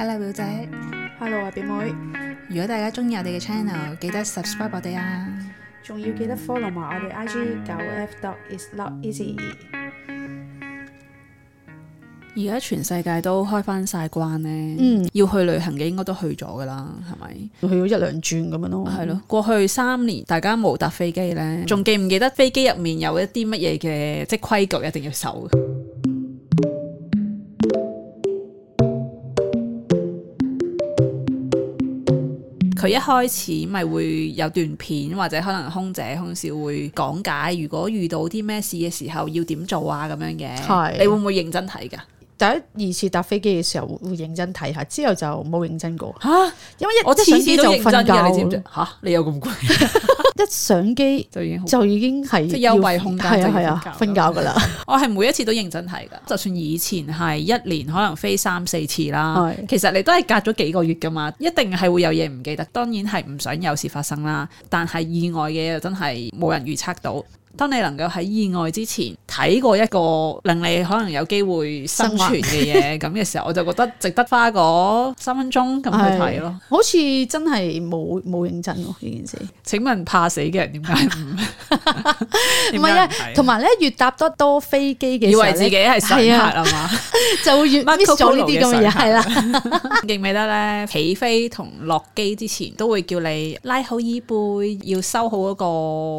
Hello 表姐，Hello 啊表妹。如果大家中意我哋嘅 channel，記得 subscribe 我哋啊。仲要記得 follow 埋我哋 IG 九 F dot is not easy。而家全世界都開翻晒關呢，嗯，要去旅行嘅應該都去咗噶啦，係咪？去咗一兩轉咁樣咯，係咯了。嗯、過去三年大家冇搭飛機呢，仲記唔記得飛機入面有一啲乜嘢嘅即係規矩一定要守？佢一開始咪會有段片或者可能空姐空少會講解，如果遇到啲咩事嘅時候要點做啊咁樣嘅，是你會唔會認真睇㗎？第一次搭飛機嘅時候會會認真睇下，之後就冇認真過。嚇蛤！因為一，我一次次都認真噶就瞓覺，你知唔知？嚇！你有咁攰， 一上機 就已經就已經係即有遺控係啊係啊，瞓、啊、覺噶啦。 我係每一次都認真睇噶，就算以前係一年可能飛三四次啦，是其實你都係隔咗幾個月噶嘛，一定係會有嘢唔記得。當然係唔想有事發生啦，但係意外嘅又真係冇人預測到。當你能夠喺意外之前睇過一個令你可能有機會生存嘅嘢咁嘅時候，我就覺得值得花嗰三分鐘咁去睇咯。好似真係冇冇認真喎呢件事。請問怕死嘅人點解唔唔係啊？同埋咧，越搭得多飛機嘅，以為自己係神駕啊嘛，就會越 miss 咗呢啲咁嘅嘢。係啦是的，記 唔記得咧？起飛同落機之前都會叫你拉好椅背，要收好嗰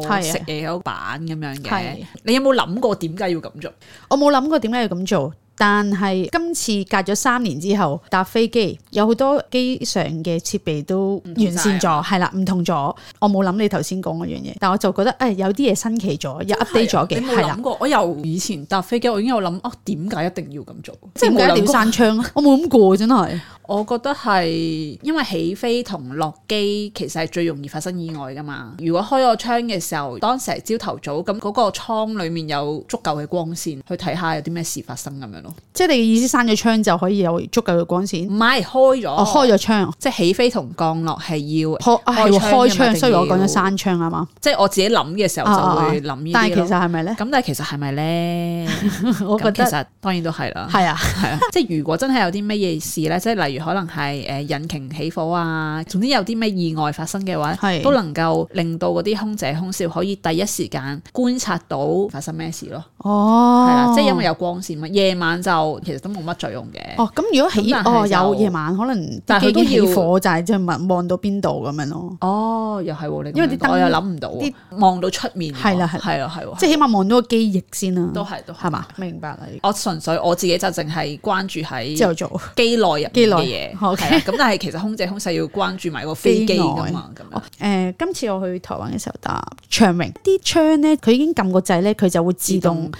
個食嘢嗰板。咁樣嘅，係你有冇諗過點解要咁做？我冇諗過點解要咁做。但係今次隔咗三年之後搭飛機，有好多機上嘅設備都完善咗，係啦，唔同咗。我冇諗你頭先講嗰樣嘢，但我就覺得誒、哎、有啲嘢新奇咗，又 update 咗嘅。你冇諗過？的我又以前搭飛機，我已經有諗啊，點解一定要咁做？即係點解要閂窗啊？ 我冇諗過，真係。我覺得係因為起飛同落機其實係最容易發生意外噶嘛。如果開個窗嘅時候，當時係朝頭早，上早上，咁嗰個艙裡面有足夠嘅光線去睇下有啲咩事發生咁樣咯。即係你嘅意思，閂咗窗就可以有足夠嘅光線。唔係，開咗，我、哦、開咗窗，窗，窗，即係起飛同降落係要開開窗，雖然我講咗閂窗係嘛。即係我自己諗嘅時候就會諗、啊啊啊、但係其實係咪咧？咁但係其實係咪咧？ 我覺得其實當然都係啦。係 是啊，係啊，即係如果真係有啲乜嘢事咧，即係例如可能係誒引擎起火啊，總之有啲咩意外發生嘅話是都能夠令到嗰啲空姐空少可以第一時間觀察到發生咩事咯。哦，係啦，即係因為有光線嘛，夜晚就其實都冇乜作用嘅。哦，咁如果起碼哦有夜晚可能，但係都要火掣即係望到邊度咁樣咯。哦，又係，因為啲燈我又諗唔到，啲望到出面。係啦，係啦，係啦，即係起碼望到個機翼先啦。都係，都係嘛？明白啦。我純粹我自己就淨係關注喺機內入機內嘅嘢。係啦。咁但係其實空姐空少要關注埋個飛機㗎嘛。咁誒，今次我去台灣嘅時候搭長榮，啲窗咧佢已經撳個掣咧，佢就會自動。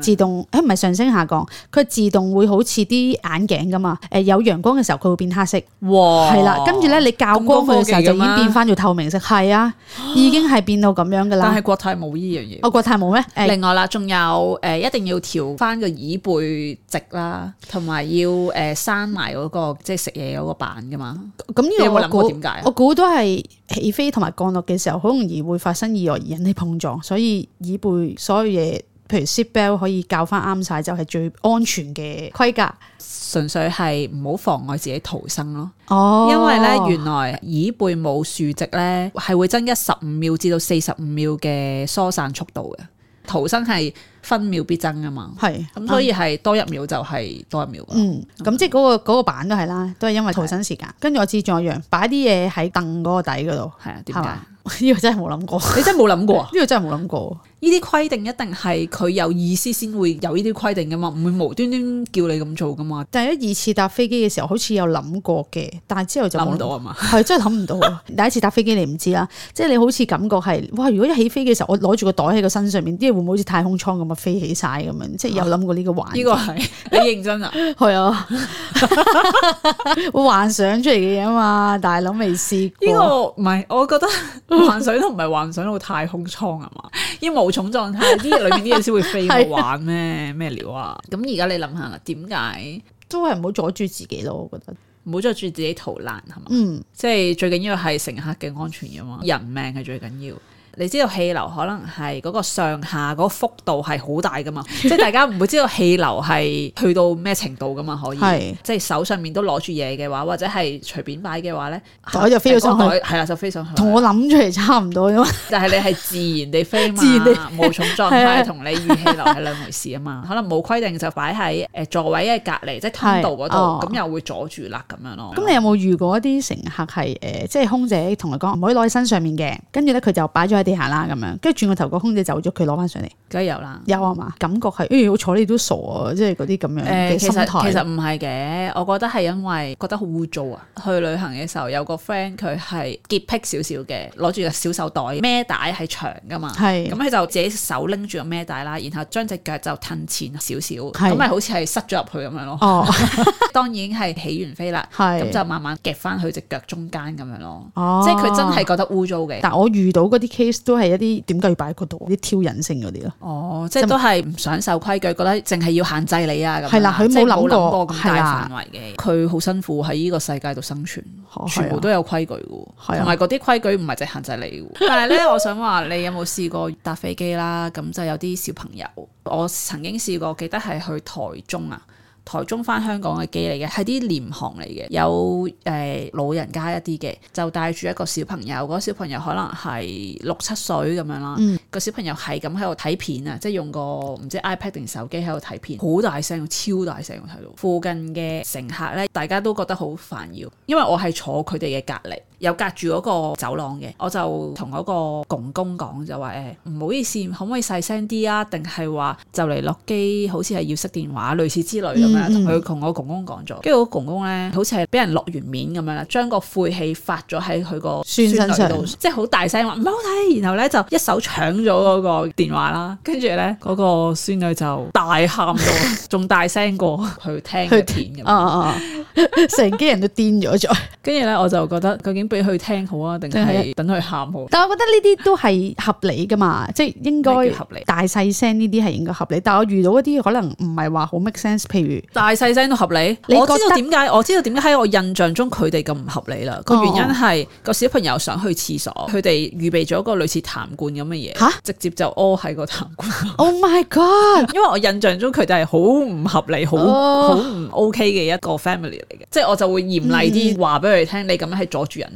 自動，誒，唔係上升下降，佢自動會好似啲眼鏡噶嘛，誒，有陽光嘅時候佢會變黑色，係啦哇，跟住咧你較光佢嘅時候就已經變翻咗透明色，係啊，已經係變到咁樣噶啦。但係國泰冇呢樣嘢，我國泰冇咩？欸、另外啦，仲有誒、呃、一定要調翻個椅背直啦，同埋要誒閂埋嗰個即係食嘢嗰個板噶嘛。咁你有冇諗過點解？我估都係起飛同埋降落嘅時候，好容易會發生意外引起碰撞，所以椅背所有嘢。譬如 Seatbelt 可以教翻啱晒就係、是、最安全嘅規格，純粹係唔好妨礙自己逃生咯。哦，因為咧原來椅背冇豎直咧係會增一十五秒至到四十五秒嘅疏散速度嘅逃生係分秒必爭啊嘛。係咁、嗯、所以係多一秒就係多一秒。嗯、咁、嗯嗯、即係嗰、嗰個、嗰個板都係啦，都係因為逃生時間。的跟住我知仲有一樣，擺啲嘢喺凳嗰個底嗰度係啊？點解？呢個 真係冇諗過， 你真係冇諗過？呢個真係冇諗過。呢啲規定一定係佢有意思先會有呢啲規定噶嘛，唔會無端端叫你咁做噶嘛。但係第一二次搭飛機嘅時候，好似有諗過嘅，但係之後就諗唔到啊嘛，係真係諗唔到啊！ 第一次搭飛機你唔知啦，即係你好似感覺係哇，如果一起飛嘅時候，我攞住個袋喺個身上面，啲嘢會唔會好似太空艙咁啊飛起晒咁樣？即係有諗過呢個環境？呢、啊呢個係你認真啊？係啊，我幻想出嚟嘅嘢嘛，但諗未試過。呢、呢個唔係，我覺得幻想都唔係幻想到太空艙啊嘛，因為，冇重狀態啲，裏面啲嘢先會飛去 玩咩咩料啊！咁而家你諗下啦，點解都係唔好阻住自己咯。我覺得唔好阻住自己逃難係嘛，嗯，即係最緊要係乘客嘅安全㗎嘛，人命係最緊要。你知道氣流可能係嗰個上下嗰幅度係好大噶嘛？ 即係大家唔會知道氣流係去到咩程度噶嘛？可以，是即係手上面都攞住嘢嘅話，或者係隨便擺嘅話咧，袋就飛咗上去，係啦、欸，就飛上去。同我諗出嚟差唔多嘅嘛。就係你係自然地飛嘛，冇 然地 重狀態同你遇氣流係兩回事啊嘛。可能冇規定就擺喺誒座位嘅隔離，即係通道嗰度，咁又會阻住啦咁樣咯。咁你有冇遇過啲乘客係誒，即係空姐同佢講唔可以攞喺身上面嘅，跟住咧佢就擺咗喺下啦咁樣，跟住轉個頭，個空姐走咗，佢攞翻上嚟，梗係有啦，有啊嘛，嗯、感覺係誒、哎、好坐你都傻啊，即係嗰啲咁樣嘅心態、呃、其實其實唔係嘅，我覺得係因為覺得好污糟啊。去旅行嘅時候有個 friend 佢係潔癖少少嘅，攞住個小手袋，孭帶係長噶嘛，咁佢是就自己手拎住個孭帶啦，然後將隻腳就褪前少少，咁咪是好似係塞咗入去咁樣咯。哦， 當然係起完飛啦，係咁是就慢慢夾翻佢隻腳中間咁樣咯。哦、即係佢真係覺得污糟嘅。但我遇到嗰啲 case。都係一啲點解要擺喺嗰度啲挑釁性嗰啲咯。哦，即係都係唔想受規矩，覺得淨係要限制你啊。咁係啦，佢冇諗過咁大範圍嘅，佢好的辛苦喺呢個世界度生存，哦、全部都有規矩嘅，同埋嗰啲規矩唔係淨係限制你。的但係咧，我想話你有冇試過搭飛機啦？咁就有啲小朋友，我曾經試過，記得係去台中啊。台中翻香港嘅機嚟嘅，係啲廉航嚟嘅，有誒、呃、老人家一啲嘅，就帶住一個小朋友，嗰、個、小朋友可能係六七歲咁樣啦，嗯、個小朋友係咁喺度睇片啊，即係用個唔知 iPad 定手機喺度睇片，好大聲，超大聲，我睇到附近嘅乘客呢，大家都覺得好煩擾，因為我係坐佢哋嘅隔離。有隔住嗰個走廊嘅，我就同嗰個公公講就話誒、唔好意思，可唔可以細聲啲啊？定係話就嚟落機，好似係要熄電話，類似之類咁樣，同佢同我公公講咗。跟住我公公咧，好似係俾人落完面咁樣啦，將個晦氣發咗喺佢個孫身上度，即係好大聲話唔好睇。然後咧就，就一手搶咗嗰個電話啦，跟住咧嗰個孫女就大喊到，仲大聲過佢聽佢填咁啊！成機人都癲咗咗。跟住咧我就覺得究竟。俾佢聽好啊，定係等佢喊好？但係我覺得呢啲都係合理噶嘛，即係應該合理，大細聲呢啲係應該合理。但係我遇到嗰啲可能唔係話好 make sense，譬如大細聲都合理。我知道點解，我知道點解喺我印象中佢哋咁唔合理啦。個原因係個小朋友想去廁所，佢哋預備咗個類似痰罐咁嘅嘢，嚇直接就屙喺個痰罐。Oh my god！因為我印象中佢哋係好唔合理，好好唔 OK 嘅一個 family 嚟嘅，即係我就會嚴厲啲話俾佢哋聽，你咁樣係阻住人。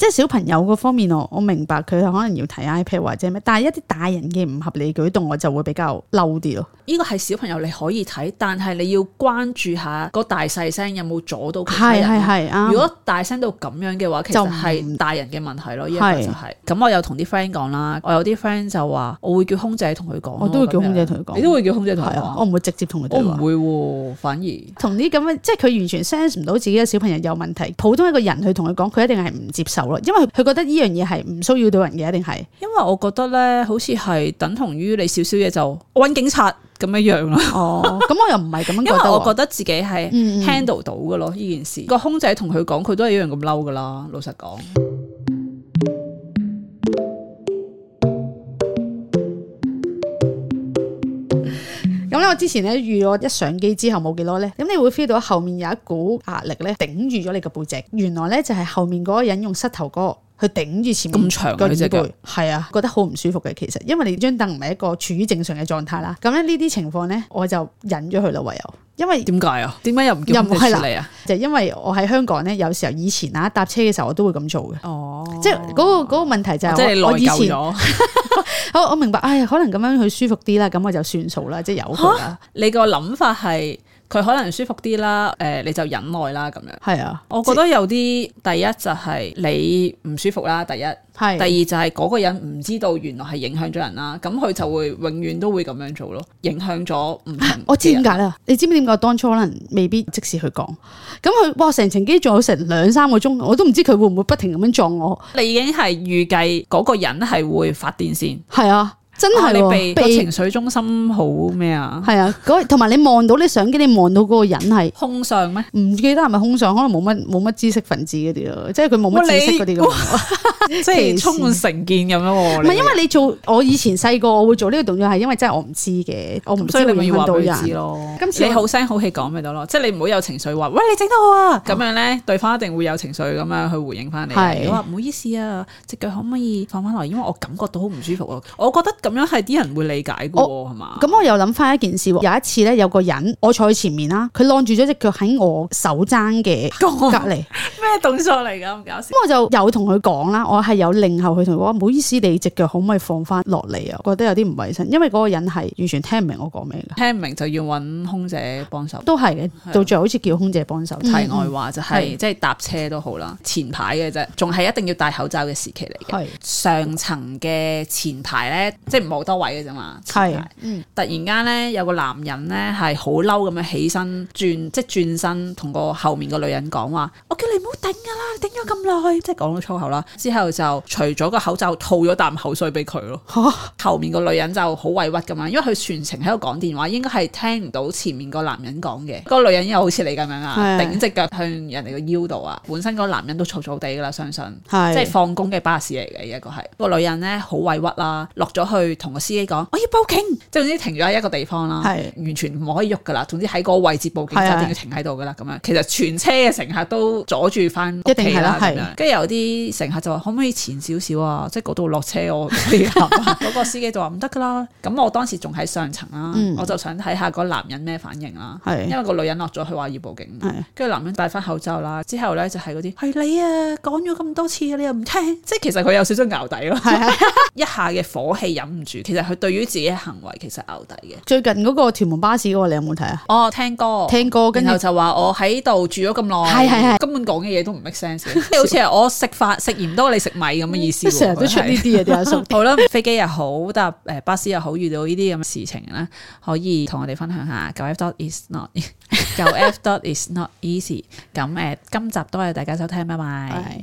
即係小朋友個方面，我我明白佢可能要睇 iPad 或者咩，但係一啲大人嘅唔合理舉動，我就會比較嬲啲咯。呢個係小朋友你可以睇，但係你要關注下個大細聲有冇阻到其他人。係係係。如果大聲到咁樣嘅話，其實係唔大人嘅問題咯。係、這個就是。咁係我有同啲 friend 講啦，我有啲 friend 就話我會叫空姐同佢講。我都會叫空姐同佢講。你都會叫空姐同佢講。我唔會直接同佢哋話。我唔會喎、啊，反而。同啲咁嘅即係佢完全 sense 唔到自己嘅小朋友有問題，普通一個人去同佢講，佢一定係唔接受。因為佢覺得呢樣嘢係唔騷擾到人嘅，一定係？因為我覺得咧，好似係等同於你少少嘢就搵警察咁一樣啦。 哦，咁我又唔係咁樣覺得，因為我覺得自己係 handle 到嘅咯。呢、嗯嗯、件事個空姐同佢講，佢都係一樣咁嬲噶啦。老實講。我之前遇我一上機之後冇幾耐咧，咁你會 feel 到後面有一股壓力咧，頂住咗你個背脊。原來咧，就係、是、後面嗰個人用膝頭哥。佢頂住前面咁長嘅背脊背，係啊，覺得好唔舒服嘅。其實，因為你張凳唔係一個處於正常嘅狀態啦。咁咧呢啲情況咧，我就忍咗佢咯，唯有。因為點解啊？點解又唔？又唔係啦。就係、因為我喺香港咧，有時候以前啊搭車嘅時候我都會咁做嘅。哦，即係嗰、嗰個嗰、嗰個問題就係、係哦、我以前。 好，我明白。唉、哎，可能咁樣佢舒服啲啦，咁我就算數啦，即係有佢你個諗法係？佢可能舒服啲啦，誒、呃、你就忍耐啦咁樣。係啊，我覺得有啲第一就係你唔舒服啦，第一。係、啊。第二就係嗰個人唔知道原來係影響咗人啦，咁佢就會永遠都會咁樣做咯，影響咗唔同。我知點解啦？你知唔知點解當初可能未必即時去講？咁佢哇成程機仲有成兩三個鐘，我都唔知佢會唔會不停咁樣撞我。你已經係預計嗰個人係會發電線。係、嗯、啊。真係你被情緒中心好咩啊？係啊，嗰同埋你望到你相機，你望到嗰個人係空相咩？唔記得係咪空相，可能冇乜冇乜知識分子嗰啲咯，即係佢冇乜知識嗰啲咁，即係充滿成見咁樣喎。唔係因為你做，我以前細個我會做呢個動作係因為真係我唔知嘅，我唔知道碰到人咯。今次你好聲好氣講咪得咯，即係你唔好有情緒話，喂，你整得我啊！咁樣咧，對方一定會有情緒咁樣去回應翻你。你話唔好意思啊，隻腳可唔可以放翻落嚟？因為我感覺到好唔舒服咯。我覺得咁。咁樣係啲人會理解嘅係嘛？咁我又諗翻一件事，有一次咧有個人我坐佢前面啦，佢晾住咗隻腳喺我手踭嘅隔籬，咩動作嚟噶咁搞笑？咁我就有同佢講啦，我係有擰後佢同我唔好意思，你隻腳可唔可以放翻落嚟啊？我覺得有啲唔衛生，因為嗰個人係完全聽唔明我講咩嘅，聽唔明就要揾空姐幫手，都係嘅。到最後好似叫空姐幫手。題外話就係即係搭車都好啦，前排嘅啫，仲係一定要戴口罩嘅時期嚟嘅。上層嘅前排咧，冇多位嘅啫嘛，係，突然間咧有個男人咧係好嬲咁樣起身轉，即係轉身同個後面個女人講話，我叫你唔好頂噶啦，頂咗咁耐，即係講咗粗口啦。之後就除咗個口罩，吐咗啖口水俾佢咯。吓、啊，後面個女人就好委屈噶嘛，因為佢全程喺度講電話，應該係聽唔到前面個男人講嘅。個女人又好似你咁樣啊，頂隻腳向人哋個腰度啊。本身個男人都嘈嘈地噶啦，相信係，的即係放工嘅巴士嚟嘅一個係。個女人咧好委屈啦，落咗去。同個司機講，我要報警，即係總之停咗喺一個地方啦，係完全唔可以喐噶啦。總之喺嗰個位置報警，一定要停喺度噶啦。咁樣其實全車嘅乘客都阻住翻屋企啦。係跟住有啲乘客就話可唔可以前少少啊？即係嗰度落車，我嗰個司機就話唔得噶啦。咁我當時仲喺上層啦，我就想睇下個男人咩反應啦。因為個女人落咗去話要報警，跟住男人戴翻口罩啦。之後咧就係嗰啲係你啊，講咗咁多次，你又唔聽。即係其實佢有少少淆底咯，一下嘅火氣飲。其實佢對於自己嘅行為其實拗底嘅。最近嗰個屯門巴士嗰個你有冇睇啊？哦，聽歌，聽歌，跟住就話我喺度住咗咁耐，係係，根本講嘅嘢都唔 make sense。即好似係我食飯食鹽多過你食米咁嘅意思。成日都出呢啲嘢啲阿叔。好啦，飛機又好，搭誒巴士又好，遇到呢啲咁嘅事情啦，可以同我哋分享下。九 F dot is not，九 F dot is not easy。咁誒，今集多謝大家收聽，拜拜。